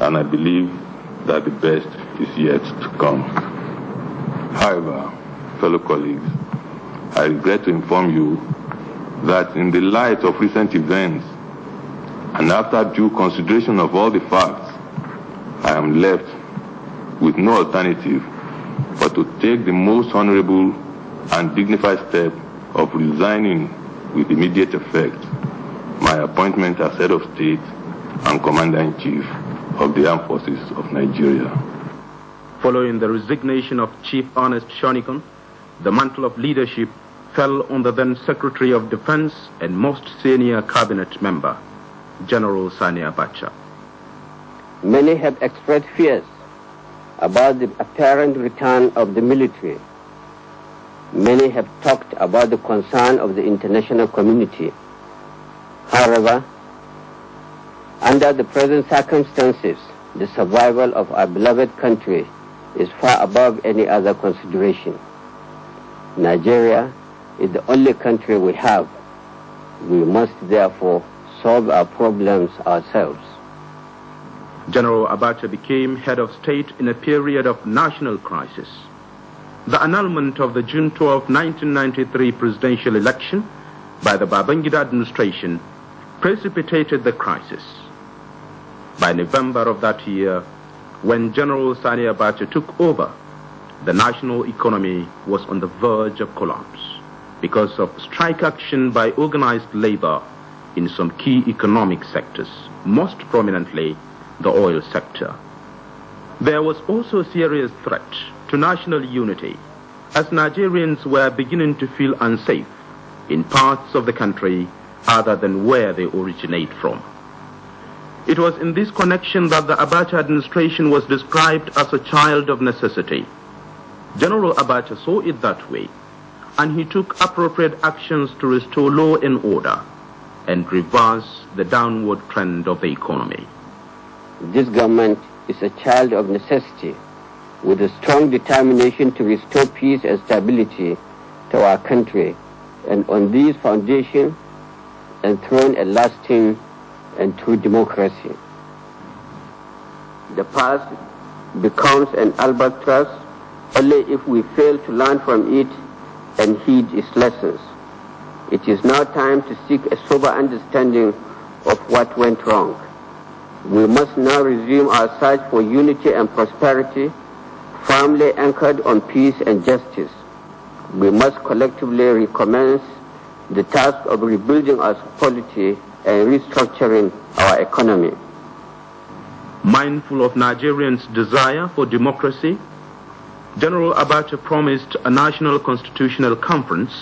and I believe that the best is yet to come. However, fellow colleagues, I regret to inform you that in the light of recent events and after due consideration of all the facts, I am left with no alternative but to take the most honorable and dignified step of resigning with immediate effect my appointment as head of state and commander-in-chief of the Armed Forces of Nigeria. Following the resignation of Chief Ernest Shonikon, the mantle of leadership fell on the then Secretary of Defense and most senior cabinet member, General Sani Abacha. Many have expressed fears about the apparent return of the military. Many have talked about the concern of the international community. However, under the present circumstances, the survival of our beloved country is far above any other consideration. Nigeria is the only country we have. We must therefore solve our problems ourselves. General Abacha became head of state in a period of national crisis. The annulment of the June 12, 1993 presidential election by the Babangida administration precipitated the crisis. By November of that year, when General Sani Abacha took over, the national economy was on the verge of collapse because of strike action by organized labor in some key economic sectors, most prominently the oil sector. There was also a serious threat to national unity as Nigerians were beginning to feel unsafe in parts of the country other than where they originate from. It was in this connection that the Abacha administration was described as a child of necessity. General Abacha saw it that way, and he took appropriate actions to restore law and order and reverse the downward trend of the economy. This government is a child of necessity with a strong determination to restore peace and stability to our country and on these foundations enthroned a lasting and to democracy. The past becomes an albatross only if we fail to learn from it and heed its lessons. It is now time to seek a sober understanding of what went wrong. We must now resume our search for unity and prosperity, firmly anchored on peace and justice. We must collectively recommence the task of rebuilding our polity and restructuring our economy. Mindful of Nigerians' desire for democracy, General Abacha promised a national constitutional conference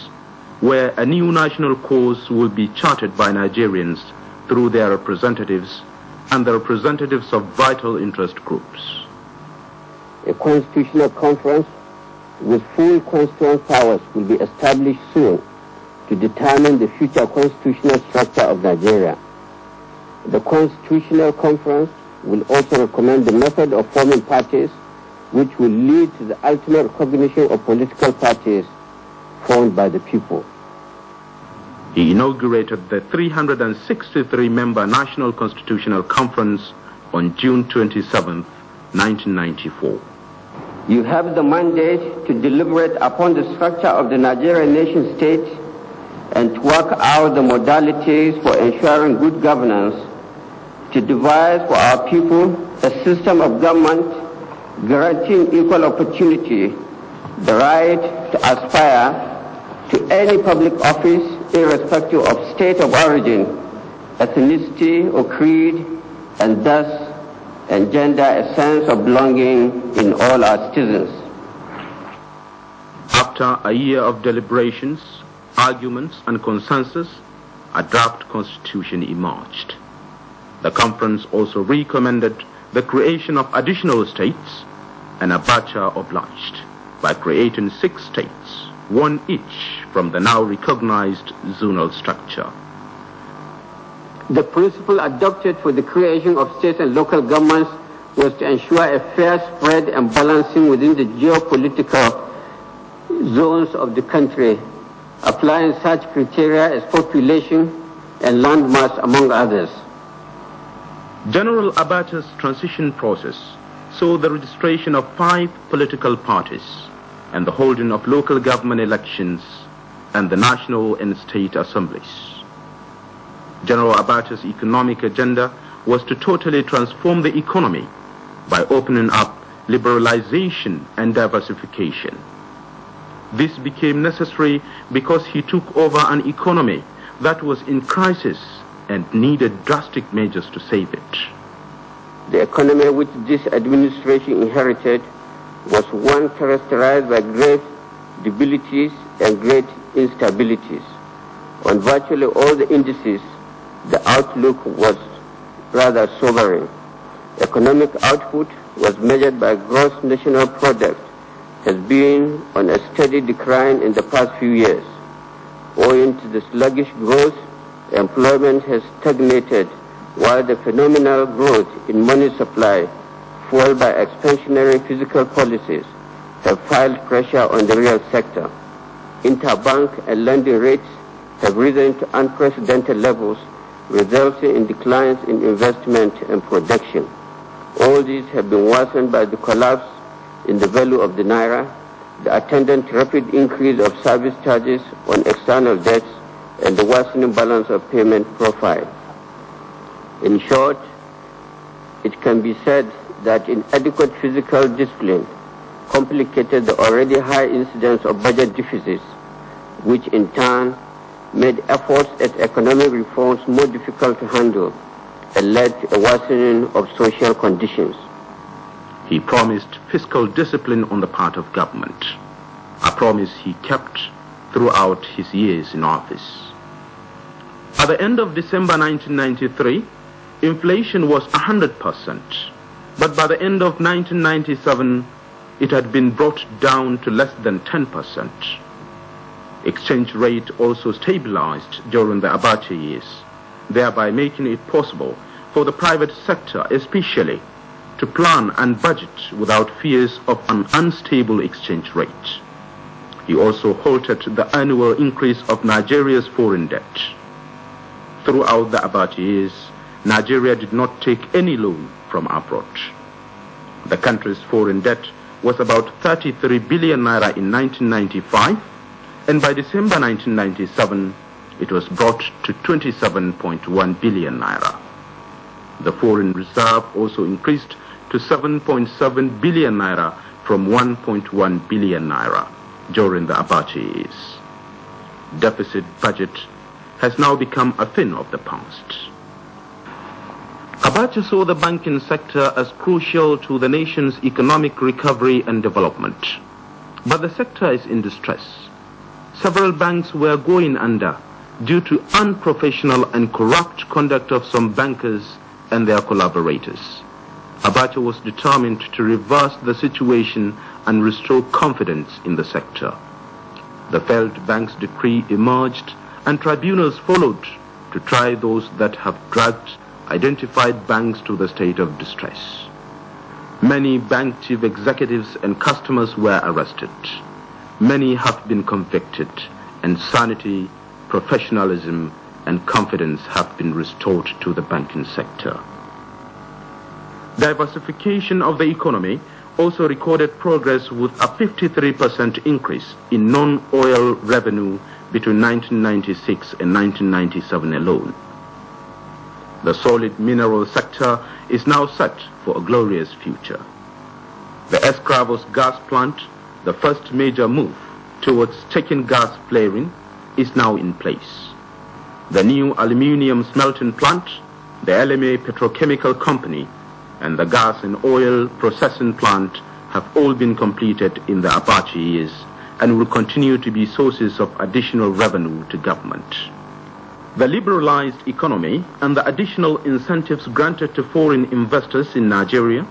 where a new national course will be charted by Nigerians through their representatives and the representatives of vital interest groups. A constitutional conference with full constitutional powers will be established soon to determine the future constitutional structure of Nigeria. The Constitutional Conference will also recommend the method of forming parties which will lead to the ultimate recognition of political parties formed by the people. He inaugurated the 363-member National Constitutional Conference on June 27, 1994. You have the mandate to deliberate upon the structure of the Nigerian nation-state and to work out the modalities for ensuring good governance, to devise for our people a system of government guaranteeing equal opportunity, the right to aspire to any public office irrespective of state of origin, ethnicity or creed, and thus engender a sense of belonging in all our citizens. After a year of deliberations, arguments and consensus, a draft constitution emerged. The conference also recommended the creation of additional states, and Abacha obliged by creating six states, one each from the now recognized zonal structure. The principle adopted for the creation of states and local governments was to ensure a fair spread and balancing within the geopolitical zones of the country applying such criteria as population and landmass, among others. General Abata's transition process saw the registration of five political parties and the holding of local government elections and the national and state assemblies. General Abata's economic agenda was to totally transform the economy by opening up liberalization and diversification. This became necessary because he took over an economy that was in crisis and needed drastic measures to save it. The economy which this administration inherited was one characterized by great debilities and great instabilities. On virtually all the indices, the outlook was rather sobering. Economic output was measured by gross national product has been on a steady decline in the past few years. Owing to the sluggish growth, employment has stagnated while the phenomenal growth in money supply fueled by expansionary fiscal policies have filed pressure on the real sector. Interbank and lending rates have risen to unprecedented levels, resulting in declines in investment and production. All these have been worsened by the collapse in the value of the naira, the attendant rapid increase of service charges on external debts, and the worsening balance of payment profile. In short, it can be said that inadequate fiscal discipline complicated the already high incidence of budget deficits, which in turn made efforts at economic reforms more difficult to handle and led to a worsening of social conditions. He promised fiscal discipline on the part of government, a promise he kept throughout his years in office. At the end of December 1993, inflation was 100%, but by the end of 1997, it had been brought down to less than 10%. Exchange rate also stabilized during the Abacha years, thereby making it possible for the private sector, especially to plan and budget without fears of an unstable exchange rate. He also halted the annual increase of Nigeria's foreign debt. Throughout the Abati years, Nigeria did not take any loan from abroad. The country's foreign debt was about 33 billion naira in 1995, and by December 1997, it was brought to 27.1 billion naira. The foreign reserve also increased to 7.7 billion naira from 1.1 billion naira during the Abacha years. Deficit budget has now become a thing of the past. Abacha saw the banking sector as crucial to the nation's economic recovery and development. But the sector is in distress. Several banks were going under due to unprofessional and corrupt conduct of some bankers and their collaborators. Abacha was determined to reverse the situation and restore confidence in the sector. The failed Bank's decree emerged and tribunals followed to try those that have dragged identified banks to the state of distress. Many bank chief executives and customers were arrested. Many have been convicted and sanity, professionalism and confidence have been restored to the banking sector. Diversification of the economy also recorded progress with a 53% increase in non-oil revenue between 1996 and 1997 alone. The solid mineral sector is now set for a glorious future. The Escravos gas plant, the first major move towards taking gas flaring, is now in place. The new aluminium smelting plant, the LMA Petrochemical Company, and the gas and oil processing plant have all been completed in the Apache years and will continue to be sources of additional revenue to government. The liberalized economy and the additional incentives granted to foreign investors in Nigeria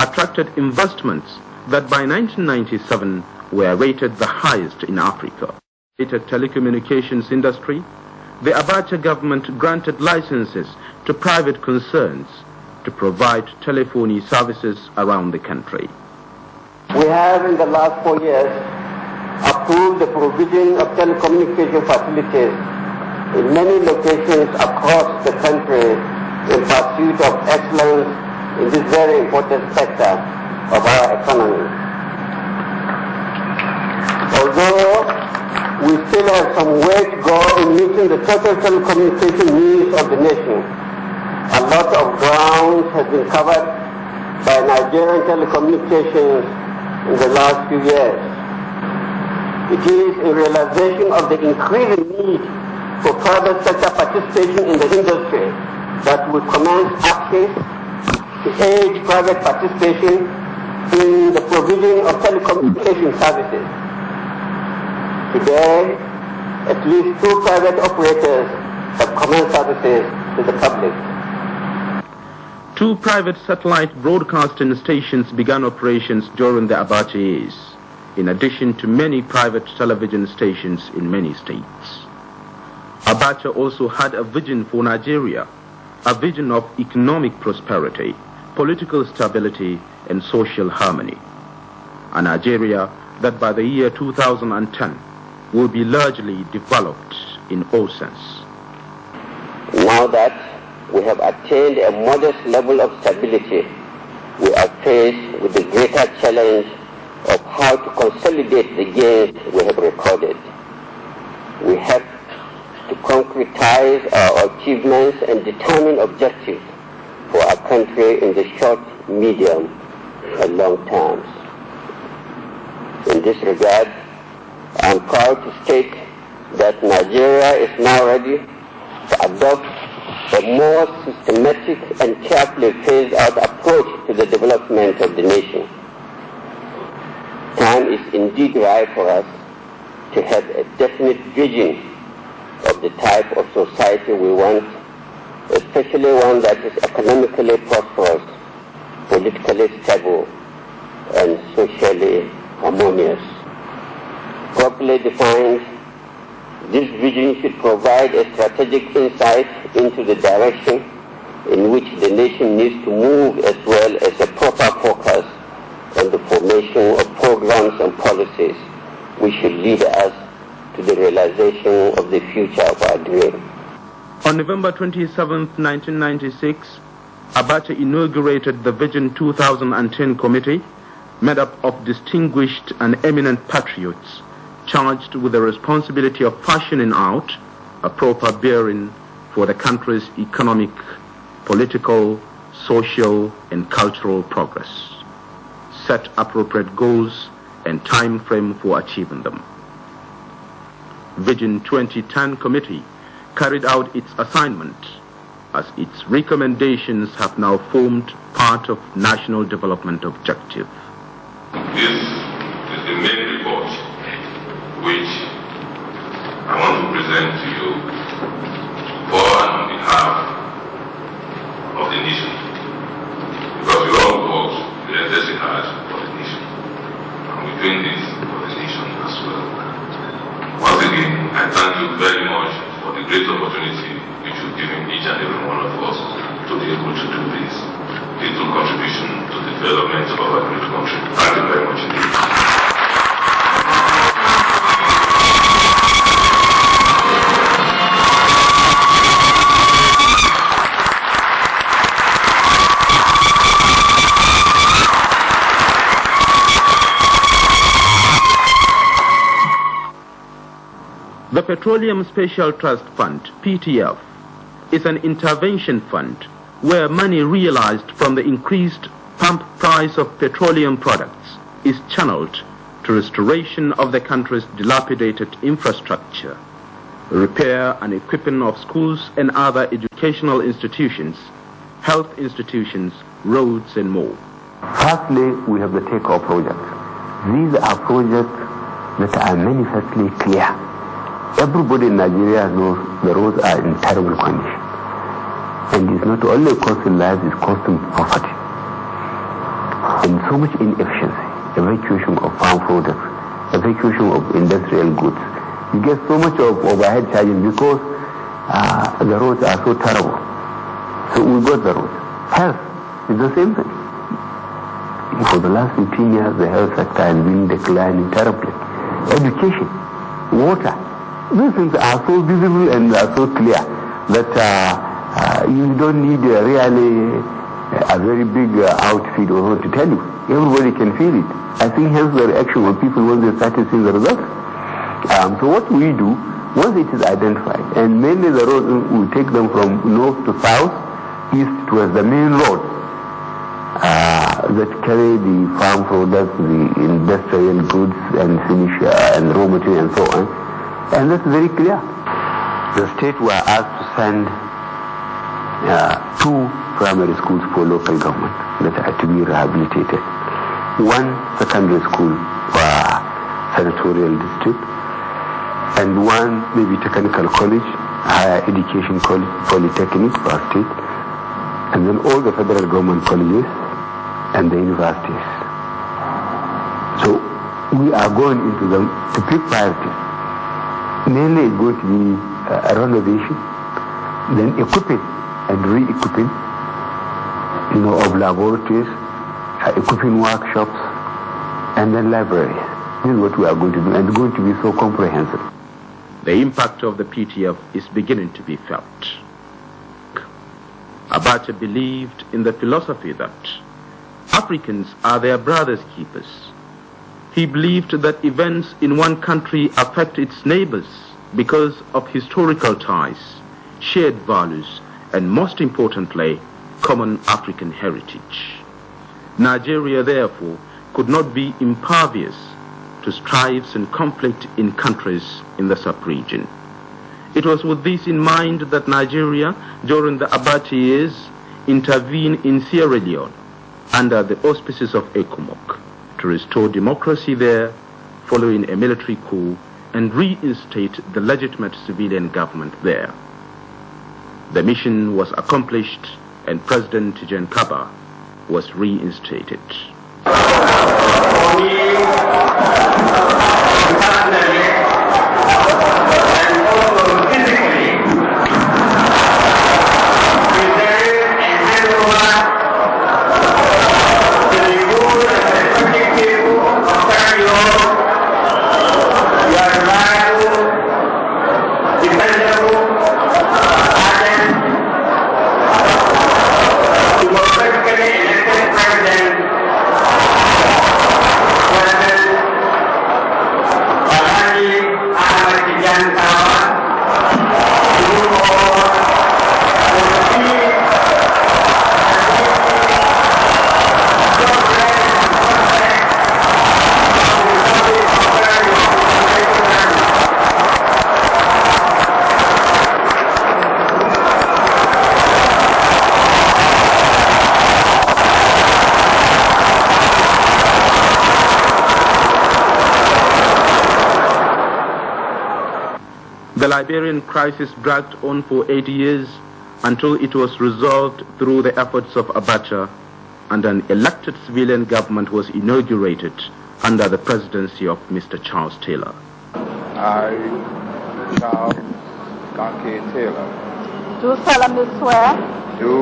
attracted investments that by 1997 were rated the highest in Africa. In the telecommunications industry, the Abacha government granted licenses to private concerns to provide telephony services around the country. We have in the last four years approved the provision of telecommunication facilities in many locations across the country in pursuit of excellence in this very important sector of our economy. Although we still have some way to go in meeting the total telecommunication needs of the nation, a lot of ground has been covered by Nigerian telecommunications in the last few years. It is a realization of the increasing need for private sector participation in the industry that would commence actions to aid private participation in the provision of telecommunication services. Today, at least two private operators have commenced services to the public. Two private satellite broadcasting stations began operations during the Abacha years, in addition to many private television stations in many states. Abacha also had a vision for Nigeria, a vision of economic prosperity, political stability, and social harmony. A Nigeria that by the year 2010 will be largely developed in all sense. Now that we have attained a modest level of stability, we are faced with the greater challenge of how to consolidate the gains we have recorded. We have to concretize our achievements and determine objectives for our country in the short, medium, and long terms. In this regard, I am proud to state that Nigeria is now ready to adopt a more systematic and carefully phased out approach to the development of the nation. Time is indeed right for us to have a definite vision of the type of society we want, especially one that is economically prosperous, politically stable, and socially harmonious. Properly defined, this vision should provide a strategic insight into the direction in which the nation needs to move as well as a proper focus on the formation of programs and policies which should lead us to the realization of the future of our dream. On November 27, 1996, Abacha inaugurated the Vision 2010 committee made up of distinguished and eminent patriots charged with the responsibility of fashioning out a proper bearing for the country's economic, political, social, and cultural progress. Set appropriate goals and time frame for achieving them. Vision 2010 Committee carried out its assignment as its recommendations have now formed part of national development objective. This is the main each and every one of us to be able to do this. Little contribution to the development of our great country. Thank you very much indeed. The Petroleum Special Trust Fund, PTF, is an intervention fund where money realized from the increased pump price of petroleum products is channeled to restoration of the country's dilapidated infrastructure, repair and equipping of schools and other educational institutions, health institutions, roads and more. Firstly, we have the take-off project. These are projects that are manifestly clear everybody in Nigeria knows the roads are in terrible condition. And it's not only costing lives, it's costing poverty. And so much inefficiency, evacuation of farm products, evacuation of industrial goods. You get so much of overhead charges because uh, the roads are so terrible. So we got the roads. Health is the same thing. For the last 15 years, the health sector has been declining terribly. Education, water, these things are so visible and are so clear that uh, uh, you don't need uh, really a very big uh, outfit or what to tell you. Everybody can feel it. I think here's the reaction when people when they to see the results. Um, so what we do, once it is identified, and mainly the road uh, we take them from north to south, east towards the main road uh, that carry the farm products, the industrial goods and finish and raw material and so on. And that's very clear. The state were asked to send uh, two primary schools for local government that are to be rehabilitated. One secondary school for senatorial district and one maybe technical college, higher education college, polytechnic for state and then all the federal government colleges and the universities. So we are going into them to pick priorities Mainly going to the uh, renovation, then equipping and re-equipping, you know, of laboratories, uh, equipping workshops, and then libraries. This is what we are going to do, and going to be so comprehensive. The impact of the PTF is beginning to be felt. Abacha believed in the philosophy that Africans are their brothers' keepers he believed that events in one country affect its neighbors because of historical ties, shared values, and most importantly, common African heritage. Nigeria, therefore, could not be impervious to strifes and conflict in countries in the sub-region. It was with this in mind that Nigeria, during the Abati years, intervened in Sierra Leone under the auspices of ECOMOC to restore democracy there following a military coup and reinstate the legitimate civilian government there. The mission was accomplished and President Kaba was reinstated. Liberian crisis dragged on for eight years until it was resolved through the efforts of Abacha and an elected civilian government was inaugurated under the presidency of Mr. Charles Taylor. I, Charles Donkey Taylor. Do solemnly swear. Do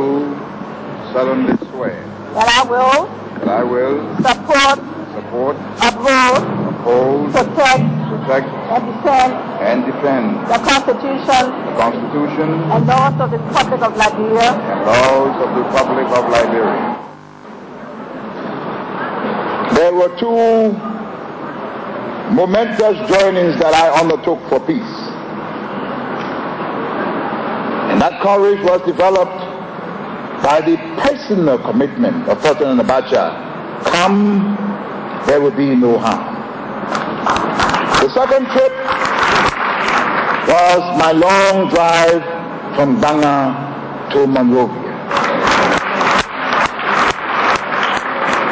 solemnly swear. That I will. That I will. Support. Support. Uphold. Uphold. Protect. Protect. And defend. And defend. The Constitution and laws of the Republic of Liberia and laws of the Republic of Liberia. There were two momentous journeys that I undertook for peace. And that courage was developed by the personal commitment of President Abacha, come, there will be no harm. The second trip was my long drive from Banga to Monrovia.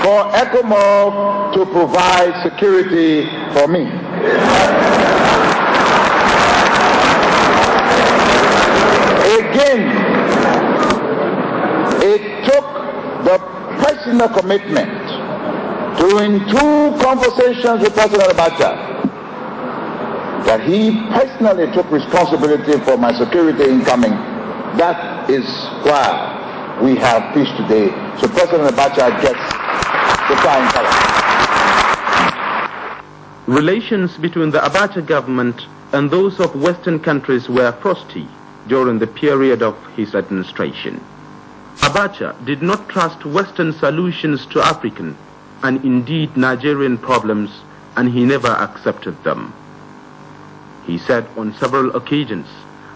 For ECOMOV to provide security for me. Again, it took the personal commitment during two conversations with President Abacha that he personally took responsibility for my security in coming. That is why we have peace today. So President Abacha gets the flying color. Relations between the Abacha government and those of Western countries were frosty during the period of his administration. Abacha did not trust Western solutions to African and indeed Nigerian problems and he never accepted them. He said on several occasions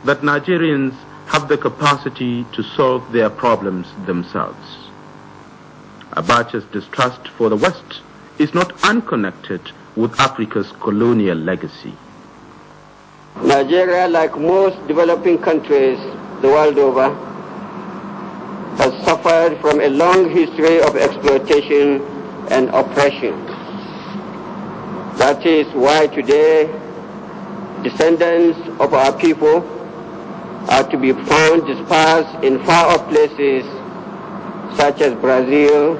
that Nigerians have the capacity to solve their problems themselves. Abacha's distrust for the West is not unconnected with Africa's colonial legacy. Nigeria, like most developing countries the world over, has suffered from a long history of exploitation and oppression. That is why today descendants of our people are to be found dispersed in far-off places such as Brazil,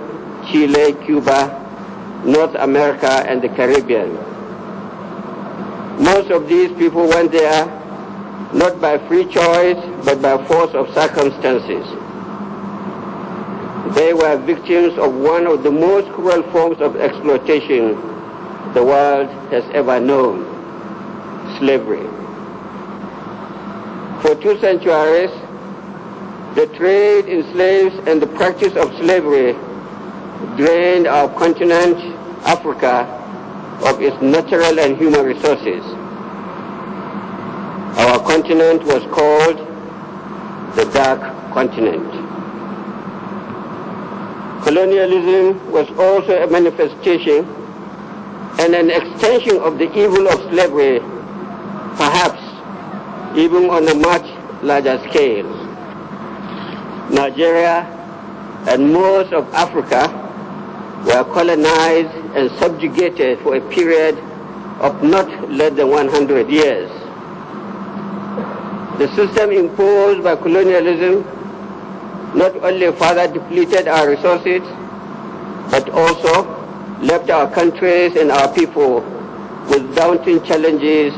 Chile, Cuba, North America, and the Caribbean. Most of these people went there not by free choice, but by force of circumstances. They were victims of one of the most cruel forms of exploitation the world has ever known slavery. For two centuries, the trade in slaves and the practice of slavery drained our continent, Africa, of its natural and human resources. Our continent was called the Dark Continent. Colonialism was also a manifestation and an extension of the evil of slavery perhaps even on a much larger scale. Nigeria and most of Africa were colonized and subjugated for a period of not less than 100 years. The system imposed by colonialism not only further depleted our resources, but also left our countries and our people with daunting challenges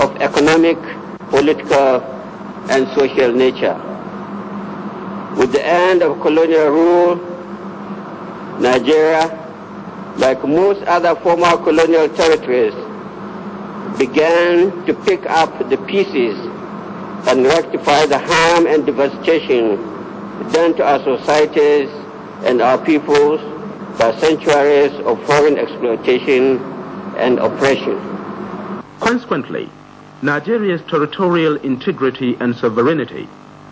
of economic, political, and social nature. With the end of colonial rule, Nigeria, like most other former colonial territories, began to pick up the pieces and rectify the harm and devastation done to our societies and our peoples by centuries of foreign exploitation and oppression. Consequently, Nigeria's territorial integrity and sovereignty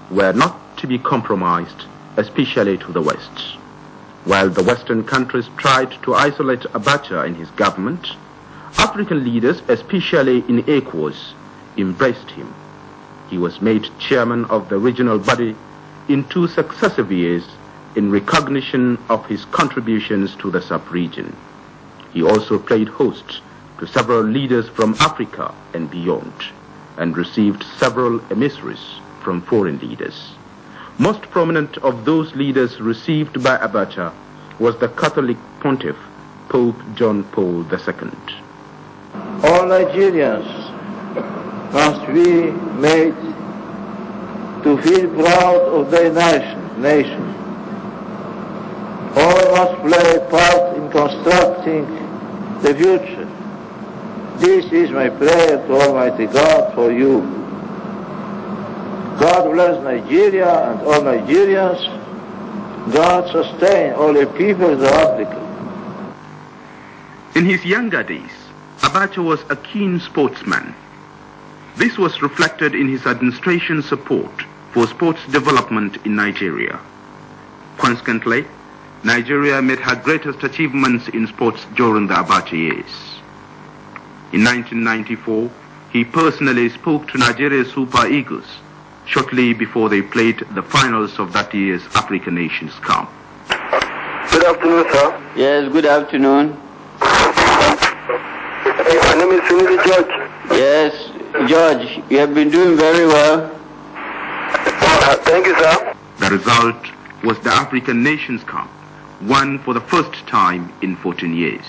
were not to be compromised, especially to the West. While the Western countries tried to isolate Abacha and his government, African leaders, especially in ECOWAS, embraced him. He was made chairman of the regional body in two successive years in recognition of his contributions to the sub-region. He also played host to several leaders from Africa and beyond, and received several emissaries from foreign leaders. Most prominent of those leaders received by Abacha was the Catholic pontiff, Pope John Paul II. All Nigerians must be made to feel proud of their nation. nation. All must play a part in constructing the future this is my prayer to Almighty God for you. God bless Nigeria and all Nigerians. God sustain all the people of Africa. In his younger days, Abacha was a keen sportsman. This was reflected in his administration's support for sports development in Nigeria. Consequently, Nigeria made her greatest achievements in sports during the Abacha years. In 1994, he personally spoke to Nigeria's Super Eagles shortly before they played the finals of that year's African Nations Cup. Good afternoon, sir. Yes, good afternoon. Hey, my name is Sunil George. Yes, George, you have been doing very well. Uh, thank you, sir. The result was the African Nations Cup, won for the first time in 14 years.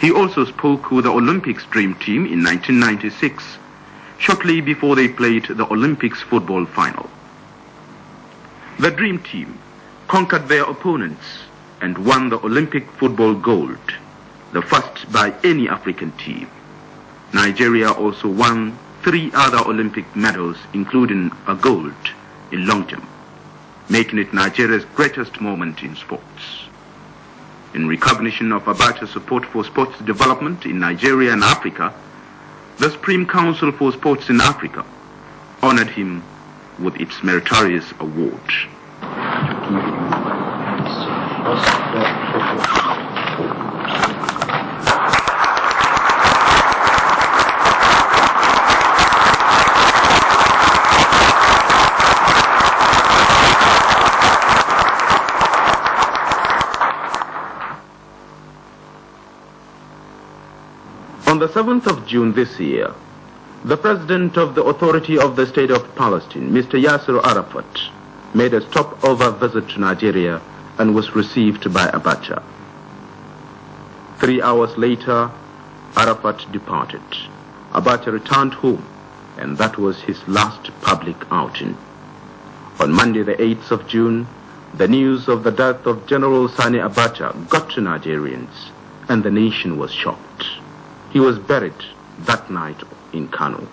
He also spoke with the Olympics Dream Team in 1996, shortly before they played the Olympics football final. The Dream Team conquered their opponents and won the Olympic football gold, the first by any African team. Nigeria also won three other Olympic medals, including a gold in long jump, making it Nigeria's greatest moment in sports. In recognition of Abacha's support for sports development in Nigeria and Africa, the Supreme Council for Sports in Africa honored him with its meritorious award. On the 7th of June this year, the President of the Authority of the State of Palestine, Mr. Yasser Arafat, made a stopover visit to Nigeria and was received by Abacha. Three hours later, Arafat departed. Abacha returned home, and that was his last public outing. On Monday, the 8th of June, the news of the death of General Sani Abacha got to Nigerians, and the nation was shocked. He was buried that night in Kanu.